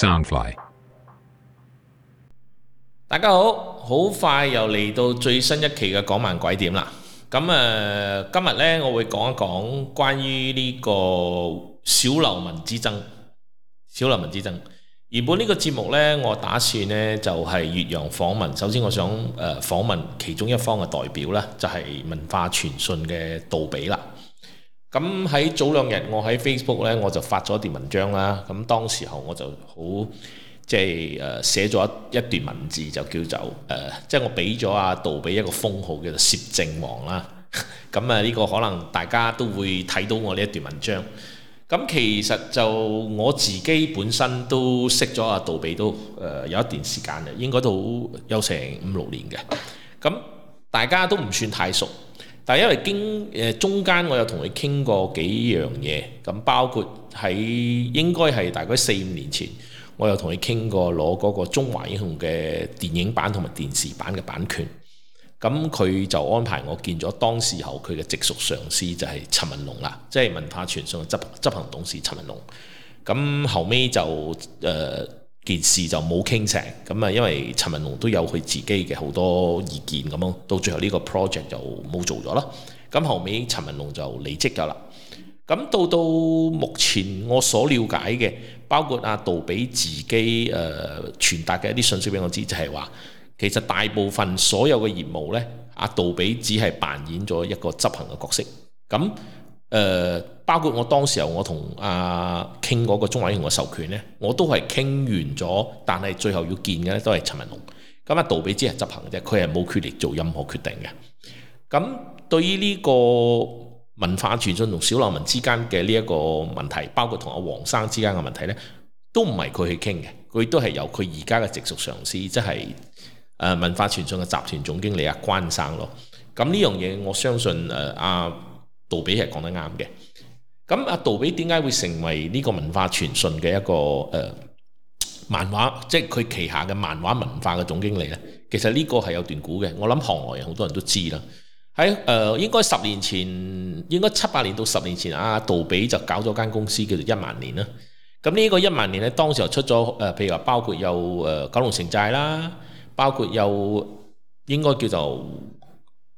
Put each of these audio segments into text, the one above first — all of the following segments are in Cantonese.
Soundfly，大家好，好快又嚟到最新一期嘅港漫拐點啦。咁誒、呃，今日呢，我會講一講關於呢個小流氓之爭。小流氓之爭，原本呢個節目呢，我打算呢就係越洋訪問。首先，我想誒訪、呃、問其中一方嘅代表呢，就係、是、文化傳信嘅杜比啦。咁喺早兩日，我喺 Facebook 咧，我就發咗一段文章啦。咁當時候我就好即係誒、呃、寫咗一段文字，就叫做誒、呃，即係我俾咗阿杜比一個封號，叫做攝政王啦。咁啊，呢個可能大家都會睇到我呢一段文章。咁其實就我自己本身都識咗阿杜比都誒有一段時間嘅，應該都有成五六年嘅。咁大家都唔算太熟。但係因為經誒中間，我有同佢傾過幾樣嘢，咁包括喺應該係大概四五年前，我有同佢傾過攞嗰個《中華英雄》嘅電影版同埋電視版嘅版權，咁佢就安排我見咗當時候佢嘅直屬上司就係陳文龍啦，即係文化傳信執行執行董事陳文龍，咁後尾就誒。呃件事就冇傾成，咁啊，因為陳文龍都有佢自己嘅好多意見咁咯，到最後呢個 project 就冇做咗啦。咁後尾，陳文龍就離職㗎喇。咁到到目前我所了解嘅，包括阿杜比自己誒、呃、傳達嘅一啲信息俾我知，就係、是、話其實大部分所有嘅業務呢，阿杜比只係扮演咗一個執行嘅角色。咁誒、呃、包括我當時候我同阿傾嗰個中華英雄嘅授權呢，我都係傾完咗，但係最後要見嘅咧都係陳文龍。咁啊，杜比只係執行啫，佢係冇權力做任何決定嘅。咁對於呢個文化傳信同小流氓之間嘅呢一個問題，包括同阿黃生之間嘅問題呢，都唔係佢去傾嘅，佢都係由佢而家嘅直屬上司，即係誒文化傳信嘅集團總經理阿關生咯。咁呢樣嘢我相信誒阿。啊杜比係講得啱嘅，咁阿杜比點解會成為呢個文化傳訊嘅一個誒、呃、漫畫，即係佢旗下嘅漫畫文化嘅總經理呢？其實呢個係有段故嘅，我諗行外人好多人都知啦。喺誒、呃、應該十年前，應該七八年到十年前，阿杜比就搞咗間公司叫做《一萬年》啦。咁呢個《一萬年》咧，當時又出咗誒、呃，譬如話包括有誒、呃《九龍城寨》啦，包括有應該叫做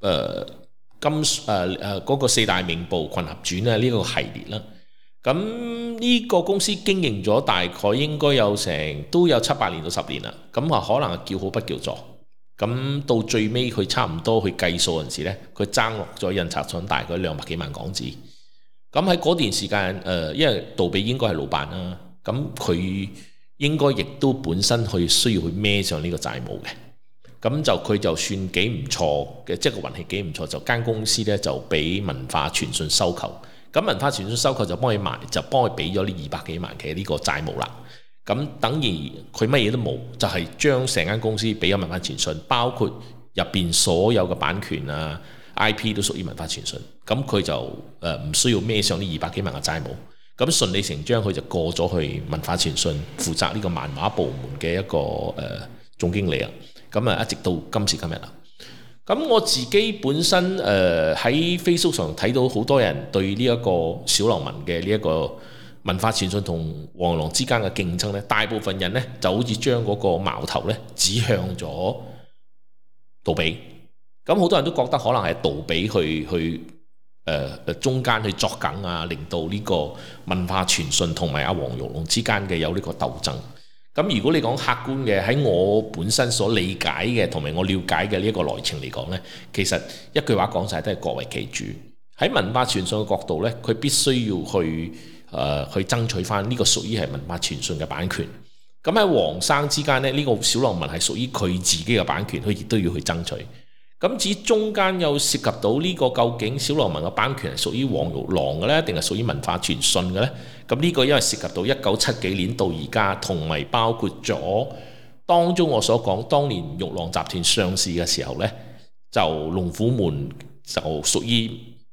誒。呃金誒嗰個四大名捕《群合傳呢個系列啦，咁呢個公司經營咗大概應該有成都有七八年到十年啦，咁啊可能叫好不叫座，咁到最尾佢差唔多去計數嗰陣時，佢爭落咗印刷廠大概兩百幾萬港紙，咁喺嗰段時間誒、呃，因為杜比應該係老闆啦，咁佢應該亦都本身去需要去孭上呢個債務嘅。咁就佢就算幾唔錯嘅，即係個運氣幾唔錯，就間公司呢就俾文化傳訊收購。咁文化傳訊收購就幫佢賣，就幫佢俾咗呢二百幾萬嘅呢個債務啦。咁等於佢乜嘢都冇，就係將成間公司俾咗文化傳訊，包括入邊所有嘅版權啊、IP 都屬於文化傳訊。咁佢就誒唔需要孭上呢二百幾萬嘅債務，咁順理成章，佢就過咗去文化傳訊負責呢個漫畫部門嘅一個誒、呃、總經理啊。咁啊，一直到今時今日啦。咁我自己本身誒喺、呃、Facebook 上睇到好多人對呢一個小流氓嘅呢一個文化傳信同黃玉龍之間嘅競爭呢，大部分人呢就好似將嗰個矛頭呢指向咗杜比。咁好多人都覺得可能係杜比去去、呃、中間去作梗啊，令到呢個文化傳信同埋阿黃玉龍之間嘅有呢個鬥爭。咁如果你講客觀嘅，喺我本身所理解嘅，同埋我了解嘅呢一個內情嚟講呢，其實一句話講晒都係各為其主。喺文化傳信嘅角度呢，佢必須要去誒、呃、去爭取返呢個屬於係文化傳信嘅版權。咁喺黃生之間呢，呢個小流氓係屬於佢自己嘅版權，佢亦都要去爭取。咁至中間又涉及到呢、這個究竟小流氓嘅版權係屬於黃玉郎嘅呢？定係屬於文化傳訊嘅呢？咁呢個因為涉及到一九七幾年到而家，同埋包括咗當中我所講，當年玉郎集團上市嘅時候呢，就龍虎門就屬於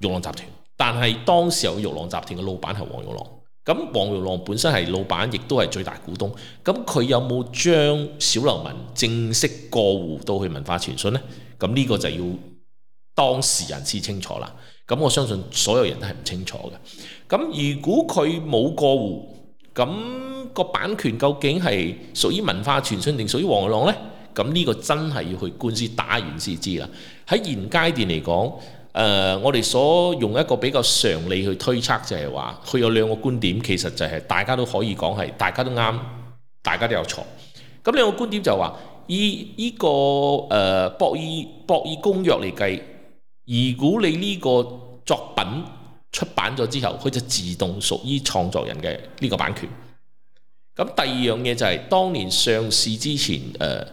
玉郎集團，但係當時有玉郎集團嘅老闆係黃玉郎。咁黃玉郎本身係老闆，亦都係最大股東。咁佢有冇將小流氓正式過戶到去文化傳訊呢？咁呢個就要當事人先清楚啦。咁我相信所有人都係唔清楚嘅。咁如果佢冇過戶，咁、那個版權究竟係屬於文化傳訊定屬於黃玉郎呢？咁呢個真係要去官司打完先知啦。喺現階段嚟講，誒、呃、我哋所用一個比較常理去推測就，就係話佢有兩個觀點，其實就係大家都可以講係，大家都啱，大家都有錯。咁兩個觀點就話。依依、這個誒、呃《博爾博爾公約》嚟計，如果你呢個作品出版咗之後，佢就自動屬於創作人嘅呢個版權。咁第二樣嘢就係、是、當年上市之前誒，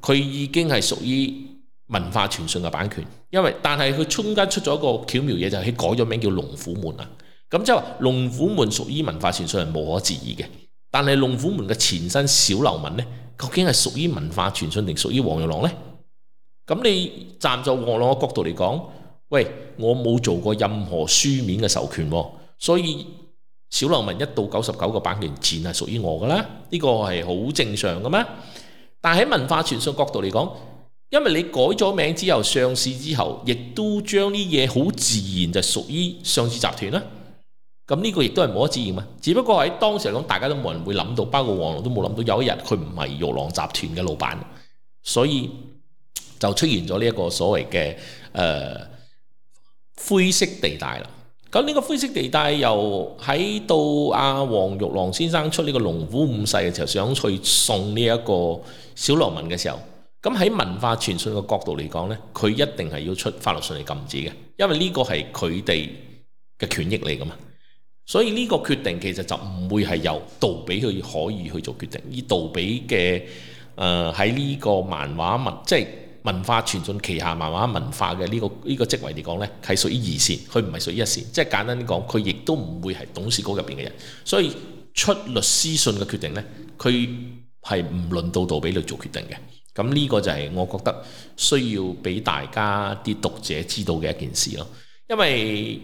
佢、呃、已經係屬於文化傳信嘅版權，因為但係佢中間出咗一個巧妙嘢，就係、是、佢改咗名叫《龍虎門》啊。咁即係話《龍虎門》屬於文化傳信係無可置疑嘅，但係《龍虎門》嘅前身《小流氓》咧。究竟係屬於文化傳信定屬於黃玉郎呢？咁你站就黃玉郎嘅角度嚟講，喂，我冇做過任何書面嘅授權，所以小流氓一到九十九個版權錢係屬於我㗎啦，呢、這個係好正常嘅咩？但喺文化傳信角度嚟講，因為你改咗名之後上市之後，亦都將啲嘢好自然就屬於上市集團啦。咁呢個亦都係冇得自然啊！只不過喺當時嚟講，大家都冇人會諗到，包括黃龍都冇諗到有一日佢唔係玉郎集團嘅老闆，所以就出現咗呢一個所謂嘅誒、呃、灰色地帶啦。咁呢個灰色地帶又喺到阿黃玉郎先生出呢個《龍虎五世》嘅時候，想去送呢一個小流氓嘅時候，咁喺文化傳信嘅角度嚟講呢佢一定係要出法律上嚟禁止嘅，因為呢個係佢哋嘅權益嚟㗎嘛。所以呢個決定其實就唔會係由杜比去可以去做決定。而杜比嘅誒喺呢個漫畫文即係文化傳信旗下漫畫文化嘅、這個這個、呢個呢個職位嚟講呢係屬於二線，佢唔係屬於一線。即係簡單啲講，佢亦都唔會係董事局入邊嘅人。所以出律師信嘅決定呢，佢係唔輪到杜比去做決定嘅。咁呢個就係我覺得需要俾大家啲讀者知道嘅一件事咯，因為。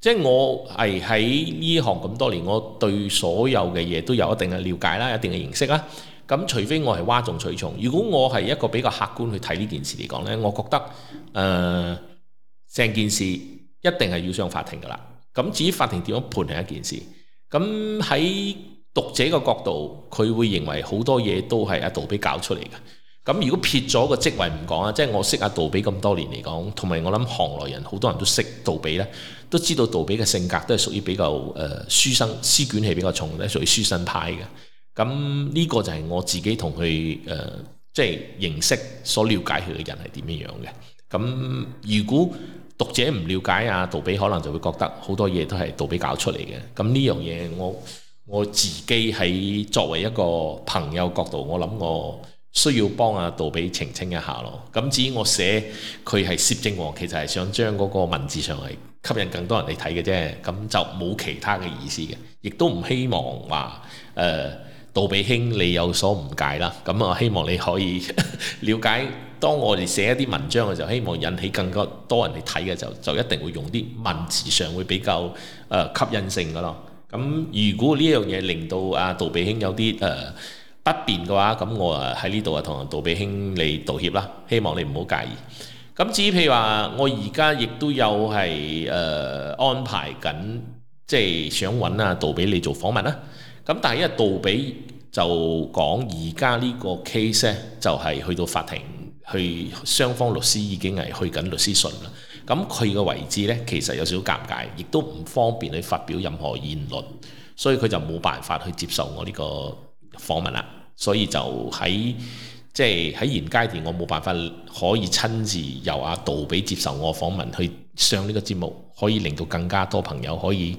即係我係喺呢行咁多年，我對所有嘅嘢都有一定嘅了解啦，一定嘅認識啦。咁除非我係嘩眾取寵，如果我係一個比較客觀去睇呢件事嚟講呢，我覺得誒成、呃、件事一定係要上法庭噶啦。咁至於法庭點樣判係一件事，咁喺讀者個角度，佢會認為好多嘢都係阿杜比搞出嚟嘅。咁如果撇咗個職位唔講啊，即係我識阿杜比咁多年嚟講，同埋我諗行內人好多人都識杜比咧。都知道杜比嘅性格都係屬於比較誒，書生書卷氣比較重咧，屬於書生派嘅。咁呢個就係我自己同佢誒、即係認識所了解佢嘅人係點樣樣嘅。咁如果讀者唔了解阿杜比，可能就會覺得好多嘢都係杜比搞出嚟嘅。咁呢樣嘢我我自己喺作為一個朋友角度，我諗我。需要幫阿杜比澄清一下咯。咁至於我寫佢係攝政王，其實係想將嗰個文字上係吸引更多人嚟睇嘅啫。咁就冇其他嘅意思嘅，亦都唔希望話誒、呃、杜比兄你有所誤解啦。咁啊，希望你可以了解，當我哋寫一啲文章嘅時候，希望引起更多多人嚟睇嘅時候，就一定會用啲文字上會比較誒、呃、吸引性噶咯。咁如果呢樣嘢令到阿杜比兄有啲誒，呃不便嘅話，咁我啊喺呢度啊同杜比兄你道歉啦，希望你唔好介意。咁至於譬如話，我而家亦都有係誒、呃、安排緊，即係想揾啊杜比你做訪問啦。咁但係因為杜比就講而家呢個 case 呢，就係去到法庭，去雙方律師已經係去緊律師信啦。咁佢個位置呢，其實有少少尷尬，亦都唔方便去發表任何言論，所以佢就冇辦法去接受我呢個訪問啦。所以就喺即係喺現階段，我冇辦法可以親自由阿杜比接受我訪問去上呢個節目，可以令到更加多朋友可以誒、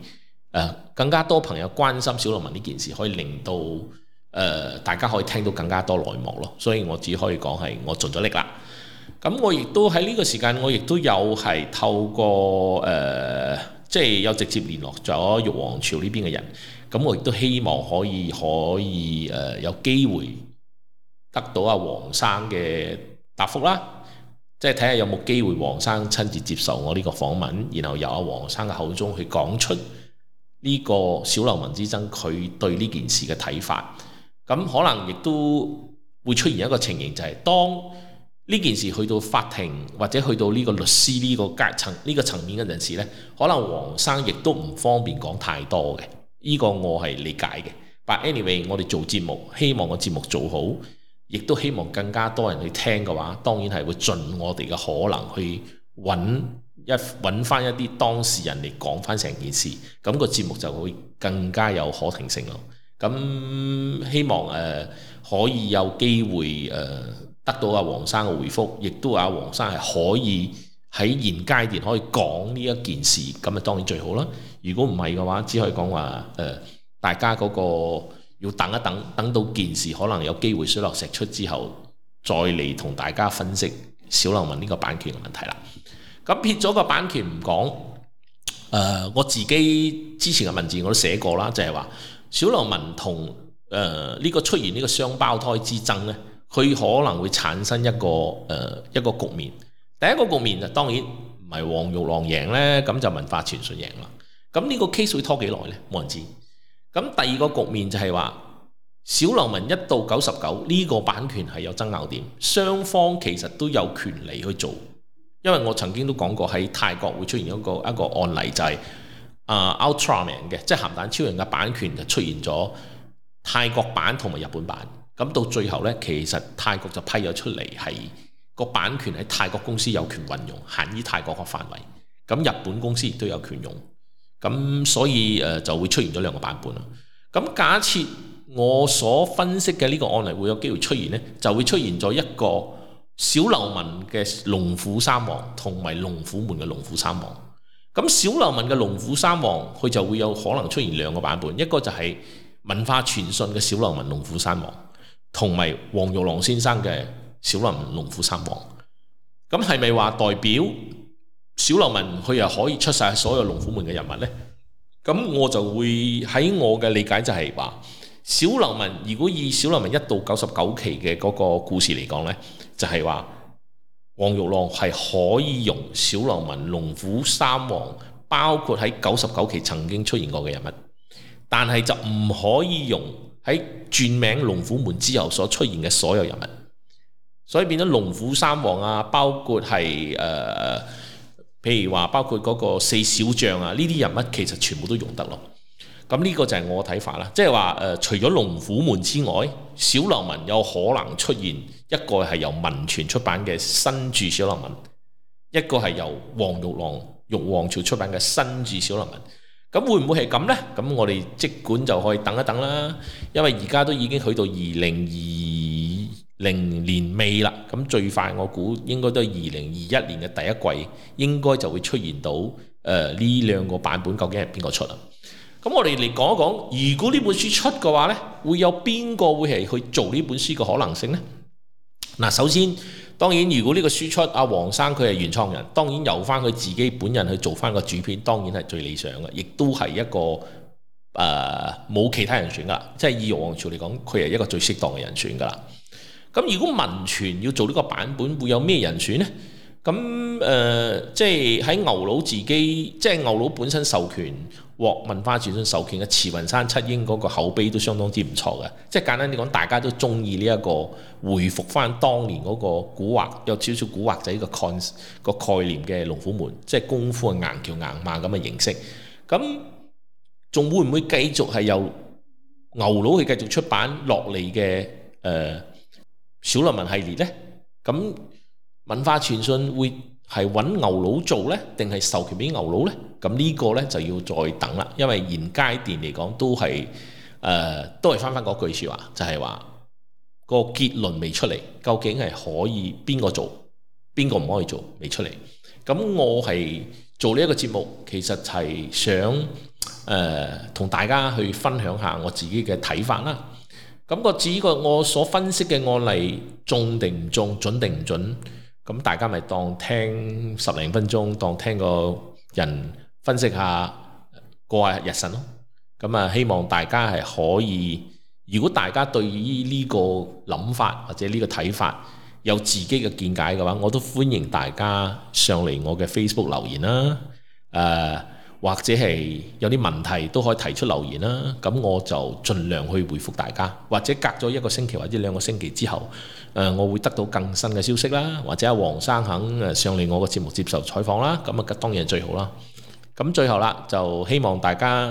呃、更加多朋友關心小流氓呢件事，可以令到誒、呃、大家可以聽到更加多內幕咯。所以我只可以講，係我盡咗力啦。咁我亦都喺呢個時間，我亦都有係透過誒即係有直接聯絡咗玉皇朝呢邊嘅人。咁我亦都希望可以可以誒、呃、有機會得到阿黃生嘅答覆啦，即係睇下有冇機會黃生親自接受我呢個訪問，然後由阿黃生嘅口中去講出呢個小流氓之爭佢對呢件事嘅睇法。咁可能亦都會出現一個情形，就係、是、當呢件事去到法庭或者去到呢個律師呢個階層呢個層面嗰陣時咧，可能黃生亦都唔方便講太多嘅。呢、這個我係理解嘅，But anyway，我哋做節目，希望個節目做好，亦都希望更加多人去聽嘅話，當然係會盡我哋嘅可能去揾一揾返一啲當事人嚟講返成件事，咁個節目就會更加有可聽性咯。咁希望誒、呃、可以有機會誒、呃、得到阿黃生嘅回覆，亦都阿黃生係可以喺現階段可以講呢一件事，咁啊當然最好啦。如果唔係嘅話，只可以講話誒，大家嗰、那個要等一等，等到件事可能有機會水落石出之後，再嚟同大家分析小流氓呢個版權嘅問題啦。咁撇咗個版權唔講，誒、呃、我自己之前嘅文字我都寫過啦，就係、是、話小流氓同誒呢個出現呢個雙胞胎之爭咧，佢可能會產生一個誒、呃、一個局面。第一個局面就當然唔係黃玉郎贏呢，咁就文化傳訊贏啦。咁、這、呢個 case 會拖幾耐呢？冇人知。咁第二個局面就係話，小流氓一到九十九呢個版權係有爭拗點，雙方其實都有權利去做。因為我曾經都講過喺泰國會出現一個一個案例、就是，就係《Ultra Man》嘅，即係鹹蛋超人嘅版權就出現咗泰國版同埋日本版。咁到最後呢，其實泰國就批咗出嚟，係個版權喺泰國公司有權運用，限於泰國個範圍。咁日本公司亦都有權用。咁所以誒、呃、就會出現咗兩個版本啦。咁假設我所分析嘅呢個案例會有機會出現呢，就會出現咗一個小流氓嘅龍虎三王，同埋龍虎門嘅龍虎三王。咁小流氓嘅龍虎三王，佢就會有可能出現兩個版本，一個就係文化傳信嘅小流氓龍虎三王，同埋黃玉郎先生嘅小流氓龍虎三王。咁係咪話代表？小流氓佢又可以出晒所有龍虎門嘅人物呢？咁我就會喺我嘅理解就係話，小流氓如果以小流氓一到九十九期嘅嗰個故事嚟講呢，就係話黃玉郎係可以用小流氓、龍虎三王，包括喺九十九期曾經出現過嘅人物，但係就唔可以用喺轉名龍虎門之後所出現嘅所有人物，所以變咗龍虎三王啊，包括係誒。呃譬如話，包括嗰個四小將啊，呢啲人物其實全部都用得咯。咁呢個就係我睇法啦。即係話誒，除咗《龍虎門》之外，《小流氓》有可能出現一個係由文傳出版嘅新著《小流氓》，一個係由黃玉郎《玉皇朝》出版嘅新著《小流氓》。咁會唔會係咁呢？咁我哋即管就可以等一等啦。因為而家都已經去到二零二零年尾啦，咁最快我估應該都係二零二一年嘅第一季，應該就會出現到誒呢兩個版本，究竟係邊個出啊？咁我哋嚟講一講，如果呢本書出嘅話呢，會有邊個會係去做呢本書嘅可能性呢？嗱，首先當然，如果呢個書出，阿黃生佢係原創人，當然由返佢自己本人去做返個主編，當然係最理想嘅，亦都係一個誒冇、呃、其他人選噶啦。即係以玉皇朝嚟講，佢係一個最適當嘅人選噶啦。咁如果文傳要做呢個版本，會有咩人選呢？咁誒，即係喺牛佬自己，即係牛佬本身授權，獲文化傳信授權嘅慈雲山七英嗰個口碑都相當之唔錯嘅。即係簡單啲講，大家都中意呢一個回復翻當年嗰個古惑，有少少古惑仔嘅 c o 個概念嘅龍虎門，即係功夫的硬橋硬馬咁嘅形式。咁仲會唔會繼續係由牛佬去繼續出版落嚟嘅誒？呃小流氓系列呢，咁文化傳信會係揾牛佬做呢？定係授權俾牛佬呢？咁呢個呢，就要再等啦，因為現階段嚟講都係誒，都係翻翻嗰句說話，就係話個結論未出嚟，究竟係可以邊個做，邊個唔可以做，未出嚟。咁我係做呢一個節目，其實係想誒、呃、同大家去分享下我自己嘅睇法啦。咁個，至於個我所分析嘅案例中定唔中、準定唔準，咁大家咪當聽十零分鐘，當聽個人分析下過日，日神咯。咁啊，希望大家係可以，如果大家對於呢個諗法或者呢個睇法有自己嘅見解嘅話，我都歡迎大家上嚟我嘅 Facebook 留言啦。呃或者係有啲問題都可以提出留言啦。咁我就盡量去回覆大家，或者隔咗一個星期或者兩個星期之後，誒，我會得到更新嘅消息啦。或者阿黃生肯誒上嚟我個節目接受採訪啦。咁啊，當然係最好啦。咁最後啦，就希望大家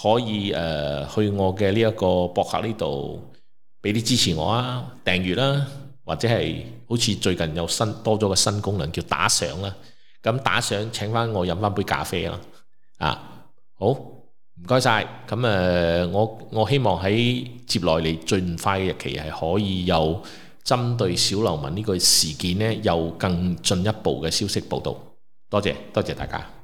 可以誒去我嘅呢一個博客呢度俾啲支持我啊，訂閱啦，或者係好似最近有新多咗個新功能叫打賞啦。咁打賞請翻我飲翻杯咖啡啦。啊，好，唔該晒。咁誒，我我希望喺接落嚟最快嘅日期係可以有針對小流氓呢個事件呢，有更進一步嘅消息報道。多謝，多謝大家。